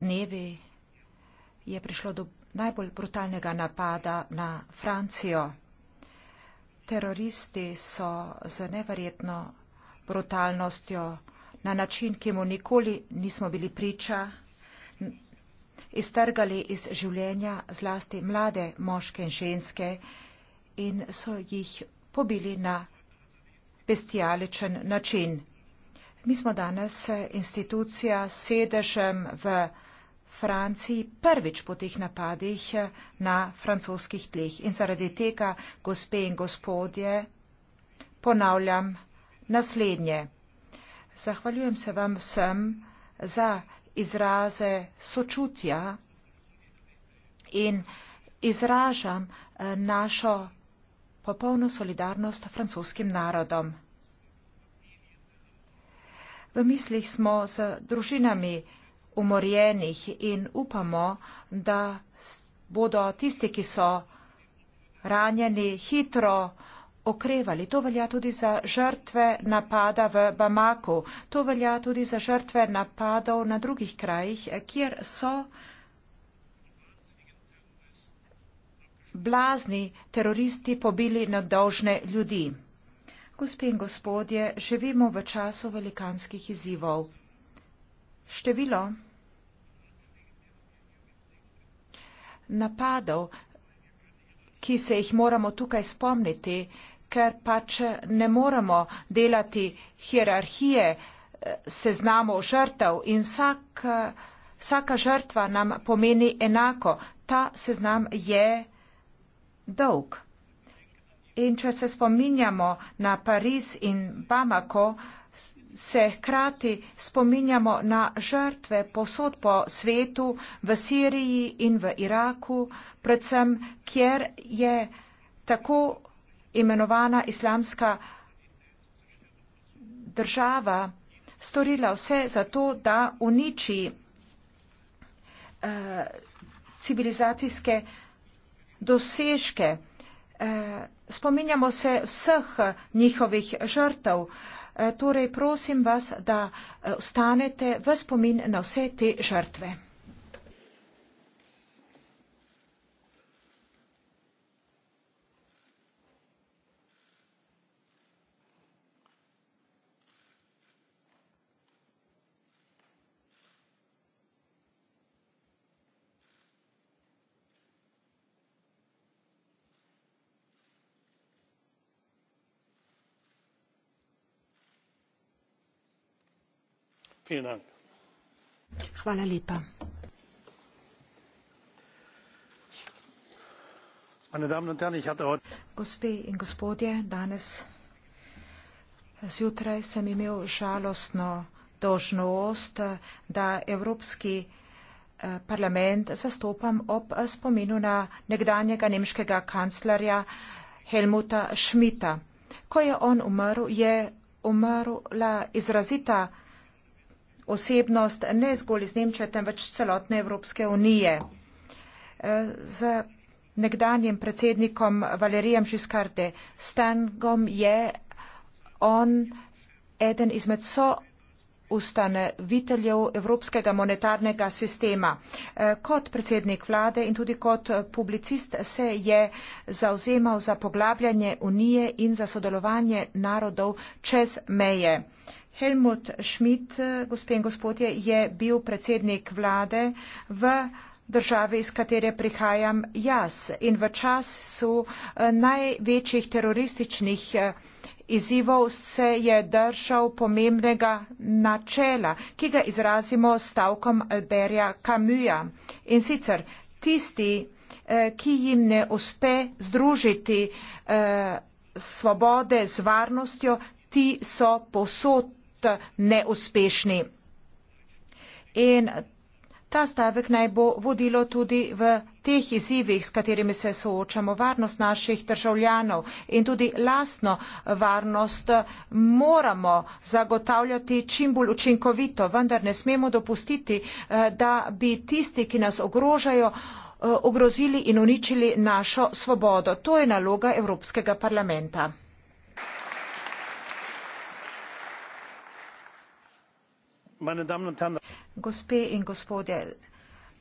dnevi je prišlo do najbolj brutalnega napada na Francijo. Teroristi so z neverjetno brutalnostjo na način, ki mu nikoli nismo bili priča, iztrgali iz življenja zlasti mlade moške in ženske in so jih pobili na bestialičen način. Mi smo danes eh, institucija s sedežem v Franciji prvič po teh napadih eh, na francoskih tleh. In zaradi tega, gospe in gospodje, ponavljam naslednje. Zahvaljujem se vam vsem za izraze sočutja in izražam eh, našo popolno solidarnost francoskim narodom. V mislih smo z družinami umorjenih in upamo, da bodo tisti, ki so ranjeni, hitro okrevali. To velja tudi za žrtve napada v Bamaku. To velja tudi za žrtve napadov na drugih krajih, kjer so blazni teroristi pobili nedolžne ljudi. Gospe in gospodje, živimo v času velikanskih izzivov. Število napadov, ki se jih moramo tukaj spomniti, ker pač ne moremo delati hierarhije eh, seznamov žrtev in vsak, eh, vsaka žrtva nam pomeni enako. Ta seznam je dolg. In če se spominjamo na Pariz in Bamako, se hkrati spominjamo na žrtve posod po svetu, v Siriji in v Iraku, predvsem kjer je tako imenovana islamska država storila vse za to, da uniči uh, civilizacijske dosežke. Uh, spominjamo se vseh njihovih žrtev. E, torej prosim vas, da e, ostanete v spomin na vse te žrtve. gospe in gospodje danes zjutraj sem imel žalostno dožnost da evropski eh, parlament zastopam ob eh, spominu na nekdanjega nemškega kanclerja helmuta schmidta ko je on umrl je umrla izrazita osebnost ne zgolj iz Nemčije, temveč celotne Evropske unije. E, z nekdanjem predsednikom Valerijem Žiskarde Stangom je on eden izmed so ustanoviteljev Evropskega monetarnega sistema. E, kot predsednik vlade in tudi kot publicist se je zauzemal za poglabljanje unije in za sodelovanje narodov čez meje. Helmut Schmidt, gospe in gospodje, je bil predsednik vlade v državi, iz katere prihajam jaz in v času eh, največjih terorističnih eh, izzivov se je držal pomembnega načela, ki ga izrazimo stavkom Alberja Kamuja. In sicer tisti, eh, ki jim ne uspe združiti svobode z varnostjo, ti so posod neuspešni. In ta stavek naj bo vodilo tudi v teh izzivih, s katerimi se soočamo. Varnost naših državljanov in tudi lastno varnost moramo zagotavljati čim bolj učinkovito, vendar ne smemo dopustiti, eh, da bi tisti, ki nas ogrožajo, eh, ogrozili in uničili našo svobodo. To je naloga Evropskega parlamenta. gospe in gospodje zelo težko je danes govoriti o tem.